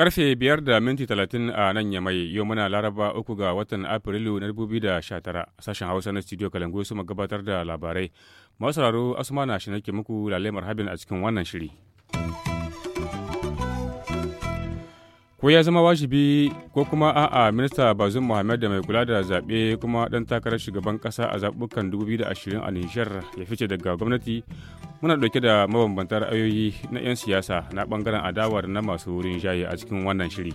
Karfe biyar da minti talatin a nan ya mai yau muna laraba uku ga watan Afrilu na 2019 sashen Hausa na studio Kalangu su gabatar da labarai. Masu sauraro Asuma na shi nake muku lalemar habin a cikin wannan shiri. ko ya zama wajibi ko kuma a'a minista bazin muhammed da mai kula da zaɓe kuma ɗan takarar shugaban ƙasa a zaɓukan 2020 a nijar ya fice daga gwamnati muna ɗauke da mabambantar ayoyi na 'yan siyasa na ɓangaren adawar na masu wurin shayi a cikin wannan shiri.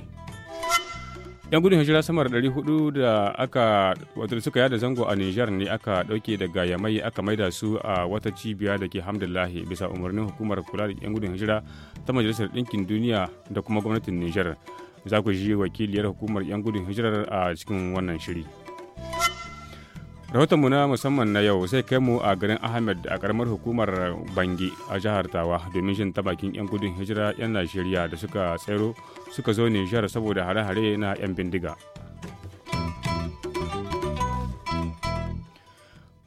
'yan gudun hijira sama da 400 da aka wato suka yada zango a niger ne aka dauke daga yamai aka maida su a wata cibiya da ke hamdullahi bisa umarnin hukumar kula da 'yan gudun hijira ta majalisar ɗinkin duniya da kuma gwamnatin niger za ku ji wakiliyar hukumar 'yan gudun hijirar a cikin wannan shiri. rahotonmu na musamman na yau sai kai mu a garin ahmed a karamar hukumar bangi a jihar tawa domin jin ta bakin 'yan gudun hijira 'yan najeriya da suka tsaro suka zo jihar saboda hare-hare na 'yan bindiga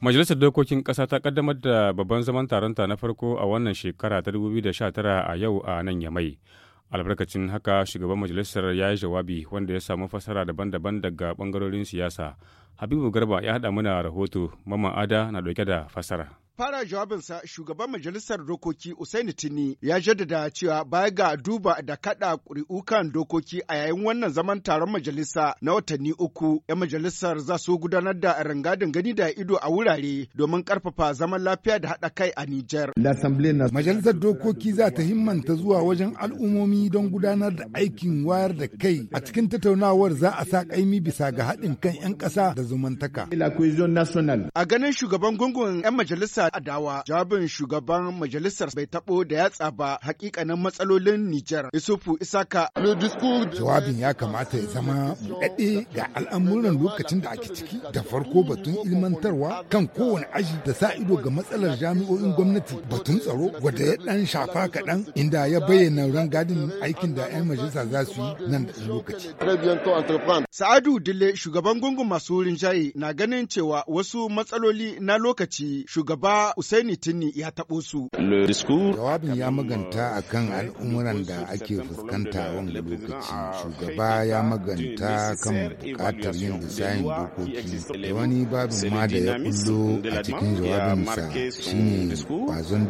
majalisar dokokin ƙasa ta kaddamar da babban zaman taronta na farko a wannan shekara ta 2019 a yau a nan yamai albarkacin haka shugaban majalisar ya yi jawabi wanda ya samu fasara daban-daban daga bangarorin siyasa habibu garba ya haɗa mana rahoto mama ada na ɗauke da fasara fara jawabinsa shugaban majalisar dokoki Usaini Tini ya jaddada cewa baya ga duba da kada ƙuri'u kan dokoki a yayin wannan zaman taron majalisa na watanni uku 'yan majalisar za su gudanar da rangadin gani da ido a wurare domin ƙarfafa zaman lafiya da haɗa kai a Nijar. Majalisar dokoki za ta himmanta zuwa wajen al'ummomi don gudanar da aikin wayar da kai a cikin tattaunawar za a sa ƙaimi bisa ga haɗin kan 'yan ƙasa da zumantaka. A ganin shugaban gungun 'yan majalisa a adawa jabin shugaban majalisar bai tabo da yatsa ba hakikanin matsalolin Nijar. Isufu Isaka. Jawabin ya kamata ya zama buɗaɗɗe ga al'amuran lokacin da ake ciki da farko batun ilmantarwa kan kowane aji da sa ido ga matsalar jami'o'in gwamnati batun tsaro wadda ya dan shafa kaɗan inda ya bayyana rangadin aikin da 'yan majalisa za su yi nan da lokaci. Sa'adu Dile shugaban gungun masu rinjaye na ganin cewa wasu matsaloli na lokaci shugaba Usaini Tinni ya taɓo su. Jawabin ya maganta a kan al'umuran da ake fuskanta wanda lokaci. Shugaba ya maganta kan buƙatar yin disayin dokoki da wani babin ma da ya kullo a cikin jawabinsa ne kwazon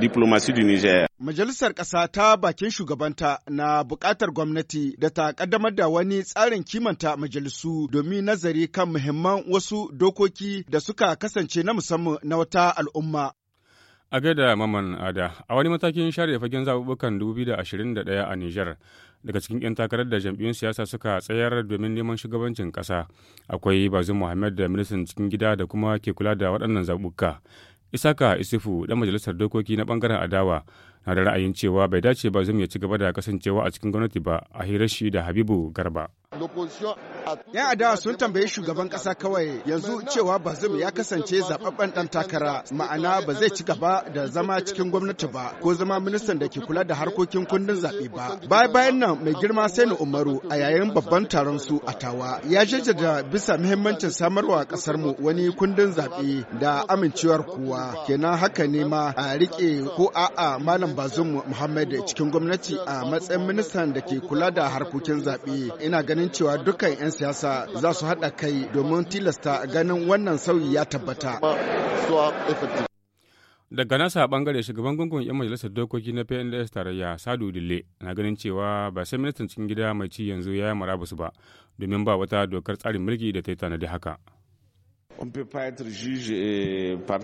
diplomasiyar Nijar. Majalisar ƙasa ta bakin shugabanta na buƙatar gwamnati da ta ƙaddamar da wani tsarin kimanta majalisu domin nazari kan muhimman wasu dokoki da suka kasance na musamman na wata al'umma. A gaida Maman Ada, a wani matakin share fagen zaɓuɓɓukan 2021 a Nijar, daga cikin 'yan takarar da jam'iyyun siyasa suka tsayar domin neman shugabancin ƙasa, akwai Bazin Muhammad da ministan cikin gida da kuma ke kula da waɗannan zaɓuɓɓuka. Isaka isifu ɗan majalisar dokoki na ɓangaren adawa, na da ra'ayin cewa bai dace ba zai ya ci gaba da kasancewa a cikin gwamnati ba a hirar shi da habibu garba yan adawa sun tambayi shugaban kasa kawai yanzu cewa bazum ya kasance zababben dan takara ma'ana ba zai ci gaba da zama cikin gwamnati ba ko zama ministan da ke kula da harkokin kundin zaɓe ba baya bayan nan mai girma sai na umaru a yayin babban taron su a tawa ya jaddada bisa muhimmancin samarwa kasar mu wani kundin zaɓe da amincewar kowa kenan haka ne ma a rike ko a'a malam Malam Bazum Muhammad cikin gwamnati a matsayin ministan da ke kula da harkokin zaɓe. Ina ganin cewa dukkan 'yan siyasa za su haɗa kai domin tilasta ganin wannan sauyi ya tabbata. Daga nasa bangare shugaban gungun 'yan majalisar dokoki na PNDS tarayya Sadu Dille na ganin cewa ba sai ministan cikin gida mai ci yanzu ya yi murabus ba domin ba wata dokar tsarin mulki da ta yi tanadi haka. Ba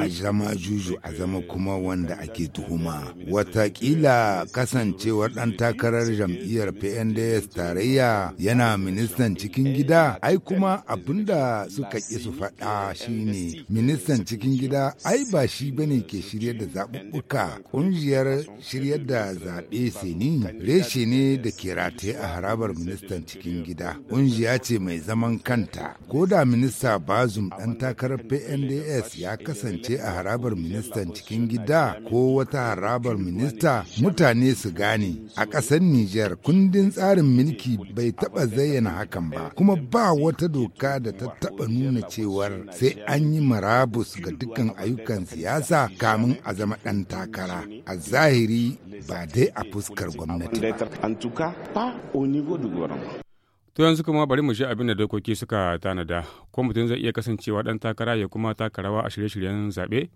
a zama juju a zama kuma wanda ake tuhuma. Watakila kasancewar ɗan takarar jam'iyyar PNDS tarayya yana ministan cikin gida, ai kuma abinda suka ƙi su faɗa shine ministan cikin gida ai ba shi bane ke shiryar da zaɓuɓɓuka. Ƙungiyar shiryar da zaɓe seni reshe ne da ke rataye a harabar ministan cikin gida. Ƙungiya ce mai zaman kanta, ko da minista ba bazum ɗan takarar pnds ya kasance a harabar ministan cikin gida ko wata harabar minista mutane su gane a ƙasar Nijar kundin tsarin mulki bai taɓa zayyana hakan ba kuma ba wata doka da ta taɓa nuna cewar sai an yi marabus ga dukkan ayyukan siyasa Kamun a zama ɗan takara a zahiri ba dai a fuskar gwamnati ba. To yanzu kuma bari mu ji abin da dokoki suka tanada, ko mutum zai iya kasancewa ɗan takara ya kuma takarawa a shirye-shiryen zaɓe?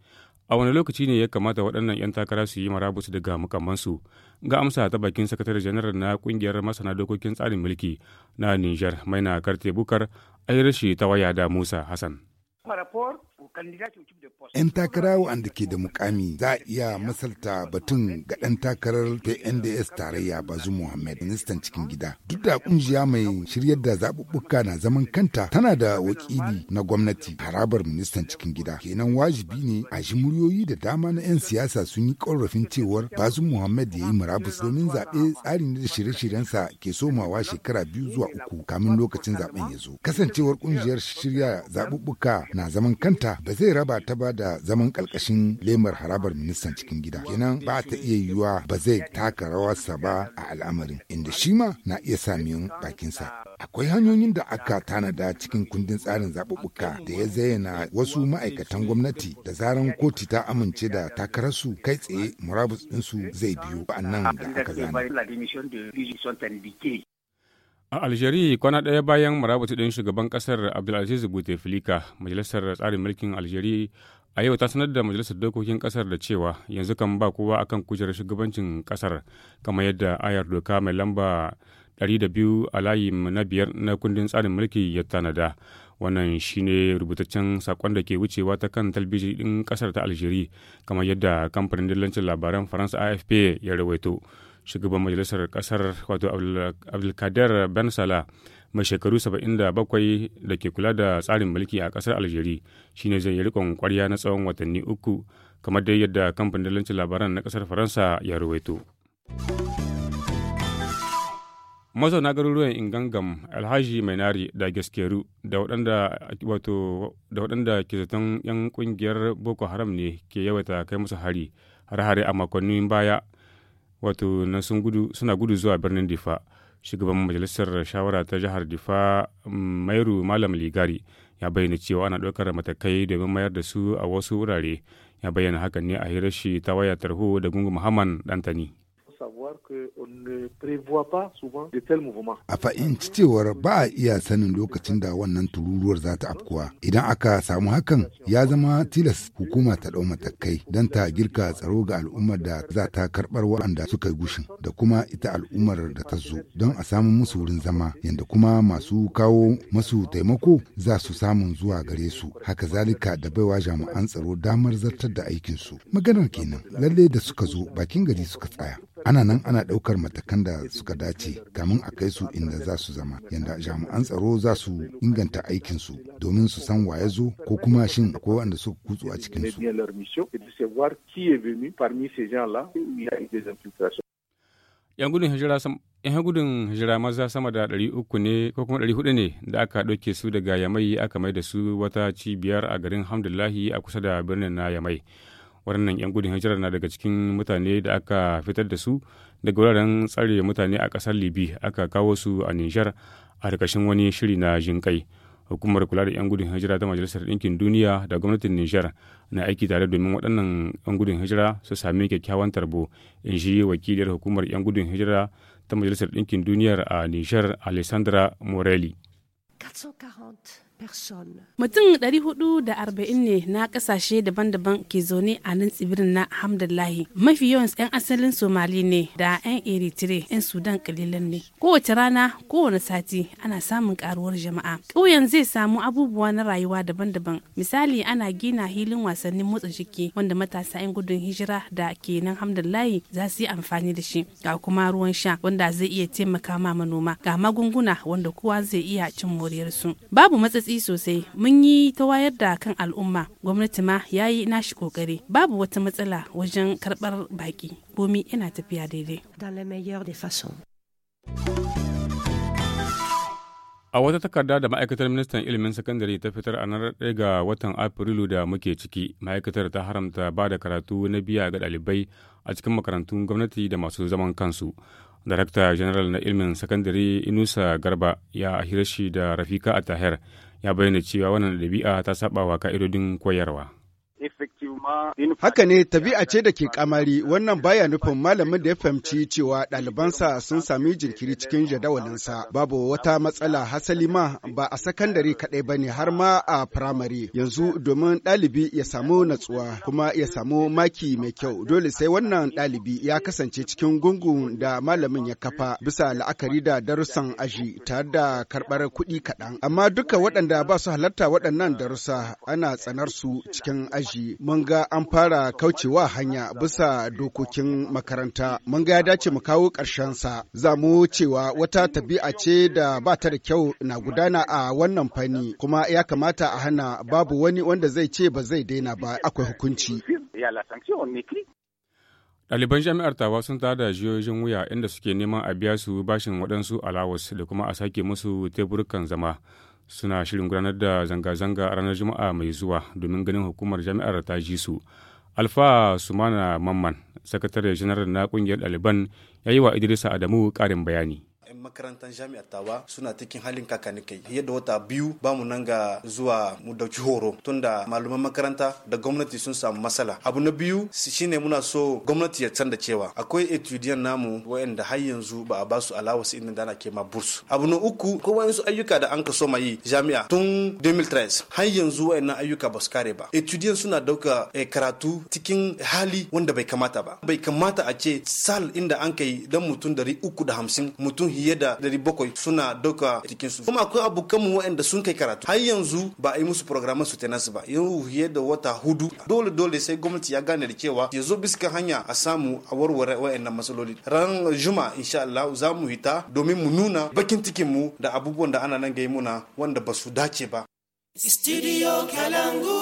A wani lokaci ne ya kamata waɗannan 'yan takara su yi marabusu daga mukammansu? Ga amsa ta bakin sakatare janar na ƙungiyar masana dokokin tsarin mulki na Nijar, Maina Karte Bukar, a ta waya da Musa Hassan. 'Yan takara wa'anda ke da mukami za a iya masalta batun ga ɗan takarar PNDS NDS tarayya Bazu Muhammad ministan cikin gida. Duk da kungiya mai shiryar da zaɓuɓɓuka na zaman kanta tana da wakili na gwamnati harabar ministan cikin gida. Kenan wajibi ne a shi muryoyi da dama na 'yan siyasa sun yi ƙorafin cewar Bazu Muhammad ya yi murabus domin zaɓe tsarin da shirye-shiryensa ke somawa shekara biyu zuwa uku kamin lokacin zaɓen ya zo. Kasancewar kungiyar shirya zaɓuɓɓuka na zaman kanta ba zai raba ta ba da zaman ƙarƙashin lemar harabar ministan cikin gida kenan ba ta iya yiwuwa ba zai taka rawarsa ba a al'amarin inda shi ma na iya samiyan bakinsa akwai hanyoyin da aka tanada cikin kundin tsarin zaɓuɓɓuka da ya zayyana wasu ma'aikatan gwamnati da zaran koti ta amince da takararsu kai tsaye murabus ɗinsu zai biyo nan da aka zana A Algeria kwana ɗaya bayan marabutu ɗin shugaban ƙasar Abdulaziz Bouteflika, majalisar tsarin mulkin Algeria a yau ta sanar da majalisar dokokin ƙasar da cewa yanzu kan ba kowa akan kujerar shugabancin ƙasar kamar yadda ayar doka mai lamba 200 a layi na biyar na kundin tsarin mulki ya tanada. Wannan shine rubutaccen sakon da ke wucewa ta kan talbijin ɗin ƙasar ta Algeria kamar yadda kamfanin dillancin labaran Faransa AFP ya rawaito. shugaban majalisar kasar wato abdulkadir ben sala mai shekaru 77 da ke kula da tsarin mulki a kasar algeria shine zai yi rikon kwarya na tsawon watanni uku kamar dai yadda kamfanin dalancin labaran na kasar faransa ya ruwaito mazauna garuruwan ingangam alhaji mainari da gaskeru da waɗanda ke zaton 'yan ƙungiyar boko haram ne ke yawaita kai musu hari har-hari a makonnin baya wato na sun gudu suna gudu zuwa birnin difa shugaban majalisar shawara ta jihar difa mairu malam ligari ya bayyana cewa ana ɗaukar matakai domin mayar da su a wasu wurare ya bayyana hakan ne a hirar shi ta waya tarho da gungu muhammad dantani savoir qu'on ne prévoit pas souvent de tels mouvements. A fahimci cewar ba a iya sanin lokacin da wannan tururuwar za ta afkuwa. Idan aka samu hakan ya zama tilas hukuma ta ɗau matakai don ta girka tsaro ga al'ummar da za ta karɓar waɗanda suka yi gushin da kuma ita al'ummar da ta zo don a samu musu wurin zama yadda kuma masu kawo masu taimako za su samun zuwa gare su haka zalika da baiwa jami'an tsaro damar zartar da aikinsu. Maganar kenan lalle da suka zo bakin gari suka tsaya. ana nan ana ɗaukar matakan da suka dace kamin a kai su inda za su zama yadda jami'an tsaro za su inganta aikinsu domin su san waye zo ko kuma shin akwai wanda suka kutsu a cikinsu. yan gudun hijira yan gudun hijira maza sama da 300 ne ko kuma 400 ne da aka ɗauke su daga yamai aka mai da su wata cibiyar a garin hamdullahi a kusa da birnin na yamai waɗannan 'yan gudun hijirar na daga cikin mutane da aka fitar da su daga wuraren tsare mutane a ƙasar libi aka kawo su a nijar a ƙarƙashin wani shiri na jinƙai hukumar kula da 'yan gudun hijira ta majalisar ɗinkin duniya da gwamnatin nijar na aiki tare domin waɗannan 'yan gudun hijira su sami kyakkyawan tarbo in shi wakiliyar hukumar 'yan gudun hijira ta majalisar ɗinkin duniyar a nijar alessandra morelli Mutum 440 ne na kasashe daban-daban ke zaune a nan tsibirin na hamdullahi Mafi yawan 'yan asalin Somali ne da 'yan Eritrea 'yan Sudan kalilan ne. Kowace rana, kowane sati ana samun karuwar jama'a. Ƙauyen zai samu abubuwa na rayuwa daban-daban. Misali ana gina hilin wasannin motsa jiki wanda matasa 'yan gudun hijira da ke nan hamdullahi za su yi amfani da shi. Ga kuma ruwan sha wanda zai iya taimaka ma manoma. Ga magunguna wanda kowa zai iya cin moriyarsu. Babu matsatsi motsi sosai mun yi ta wayar da kan al'umma gwamnati ma ya yi nashi kokari babu wata matsala wajen karbar baki komi ina tafiya daidai. A wata takarda da ma'aikatar ministan ilimin sakandare ta fitar a nan ɗaya ga watan Afrilu da muke ciki, ma'aikatar ta haramta ba da karatu na biya ga ɗalibai a cikin makarantun gwamnati da masu zaman kansu. Darakta General na ilimin sakandare Inusa Garba ya ahirashi da Rafika a tahir ya bayyana cewa wannan ɗabi'a ta saba wa ka'idodin koyarwa. Haka ne tabi'a ce da ke kamari wannan baya nufin malamin da ya fahimci cewa ɗalibansa sun sami jinkiri cikin jadawalinsa babu wata matsala hasali ma ba a sakandare kaɗai ba ne har ma a firamare yanzu domin ɗalibi ya samu natsuwa kuma ya samu maki mai kyau dole sai wannan ɗalibi ya kasance cikin gungun da malamin ya kafa bisa la'akari da darussan aji tare da karɓar kuɗi kaɗan amma duka waɗanda ba su halarta waɗannan darussa ana tsanar su cikin aji. shi mun ga an fara kaucewa hanya bisa dokokin makaranta mun ga ya dace mu kawo sa za mu cewa wata tabi'a ce da ba ta da kyau na gudana a wannan fanni kuma ya kamata a hana babu wani wanda zai ce ba zai daina ba akwai hukunci Ɗaliban jami'ar tawa sun tada jiyoyin wuya inda suke neman a biya su bashin waɗansu alawas da kuma a sake musu teburukan zama. suna shirin gudanar da zanga-zanga a ranar juma'a mai zuwa domin ganin hukumar jami'ar ta ji su alfa sumana mamman sakatare janar na kungiyar ɗaliban ya yi wa idrisa adamu ƙarin bayani makarantar jami'a tawa suna cikin halin kakanikai yadda wata biyu ba mu nan ga zuwa mu dauki horo tunda malaman makaranta da gwamnati sun samu matsala abu na biyu shine muna so gwamnati ya canza cewa akwai etudiyan namu wayanda har yanzu ba a basu allowance inda da ana kema bursu abu na uku ko wayansu ayyuka da an so mai jami'a tun 2013 har yanzu wayannan ayyuka ba su kare ba etudiyan suna dauka eh, karatu cikin hali wanda bai kamata ba bai kamata a ce sal inda an kai dan mutum 350 mutum hiye fiye da dari bakwai suna doka cikin su kuma akwai mu waɗanda sun kai karatu har yanzu ba a yi musu programin su tenansu ba yau fiye da wata hudu dole dole sai gwamnati ya gane da cewa ya zo bisa hanya a samu a warware waɗannan matsaloli ran juma insha Allah za mu hita domin mu nuna bakin cikin mu da abubuwan da ana nan gai muna wanda ba su dace ba. Studio Kalangu.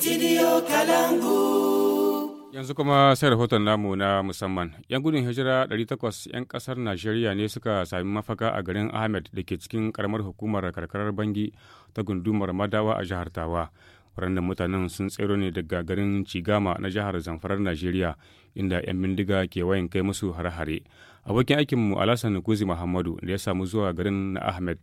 Studio Kalangu. Yanzu kuma sai rahoton namu na musamman. 'Yan gudun hijira 800 'yan kasar Najeriya ne suka sami mafaka a garin Ahmed da ke cikin karamar hukumar karkarar Bangi ta gundumar Madawa a jihar Tawa. Waɗannan mutanen sun tsero ne daga garin Cigama na jihar Zamfarar Najeriya inda 'yan bindiga ke wayan kai musu hare-hare. Abokin aikinmu Alasan guzi Muhammadu da ya samu zuwa garin na Ahmed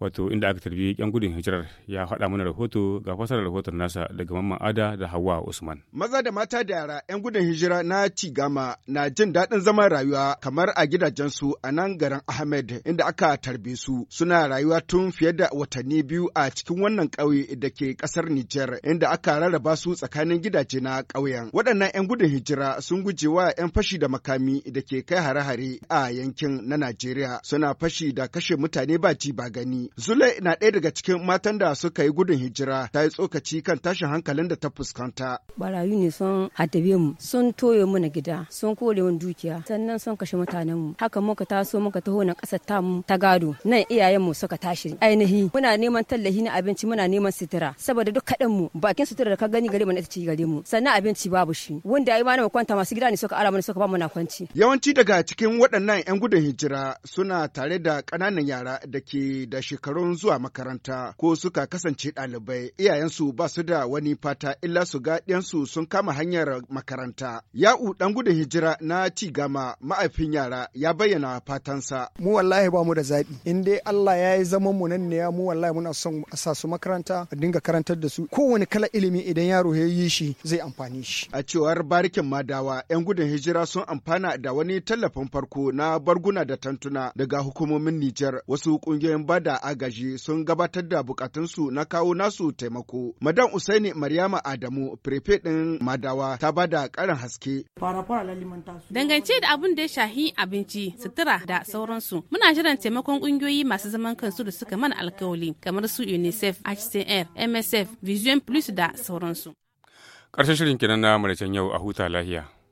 wato inda aka tarbi yan gudun hijirar ya faɗa mana rahoto ga fasarar rahoton nasa daga mamman ada da hawa usman maza da mata da yara yan gudun hijira na tigama na jin daɗin zaman rayuwa kamar a gidajensu a nan garin ahmed inda aka tarbe su suna rayuwa tun fiye da watanni biyu a cikin wannan ƙauye da ke ƙasar niger inda aka rarraba su tsakanin gidaje na ƙauyen waɗannan yan gudun hijira sun guje wa yan fashi da makami da ke kai hare-hare a yankin na najeriya suna fashi da kashe mutane ba ji ba gani zulai na ɗaya daga cikin matan da suka yi gudun hijira ta yi tsokaci kan tashin hankalin da ta fuskanta. Barayu ne sun haddabe mu, sun toye mana gida, sun kore wani dukiya, sannan sun kashe mutanen mu. Haka muka taso muka taho na ƙasar mu ta gado. Nan iyayen mu suka tashi ainihi. Muna neman tallafi na abinci, muna neman sitira Saboda duk kaɗan mu bakin sutura da ka gani gare mu na ita ci gare mu. Sannan abinci babu shi. Wanda ya yi mana kwanta masu gida ne suka ara mana suka ba mu na kwanci. Yawanci daga cikin waɗannan 'yan gudun hijira suna tare da ƙananan yara da ke da shi shekarun zuwa makaranta ko suka kasance ɗalibai iyayensu ba su da wani fata illa su ga ɗiyansu sun kama hanyar makaranta. Ya'u ɗan gudun hijira na ci gama ma'aifin yara ya bayyana fatansa. Mu wallahi ba mu da zaɓi. In dai Allah ya yi zaman mu nan ne mu wallahi muna son a sa su makaranta a dinga karantar da su kowane kala ilimi idan yaro ya yi shi zai amfani shi. A cewar barikin madawa 'yan gudun hijira sun amfana da wani tallafin farko na barguna da tantuna daga hukumomin Nijar wasu ƙungiyoyin bada agaji sun gabatar da bukatunsu na kawo nasu taimako. Madan Usaini Maryama Adamu, prefe ɗin Madawa, ta bada karin haske. Dangance da abin da ya shahi abinci, sutura da sauransu, muna jiran taimakon ƙungiyoyi masu zaman kansu da suka mana alkawali kamar su UNICEF, HCR, MSF, Vision Plus da sauransu. Ƙarshen shirin kenan na maraicen yau a huta lahiya.